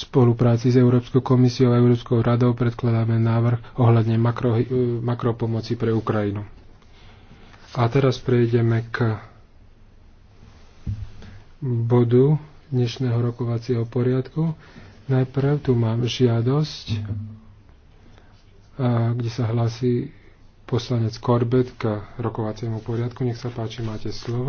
spolupráci s Európskou komisiou a Európskou radou predkladáme návrh ohľadne makro, eh, makropomoci pre Ukrajinu. A teraz prejdeme k bodu dnešného rokovacieho poriadku. Najprv tu mám žiadosť, eh, kde sa hlási poslanec Korbet k rokovaciemu poriadku. Nech sa páči, máte slovo.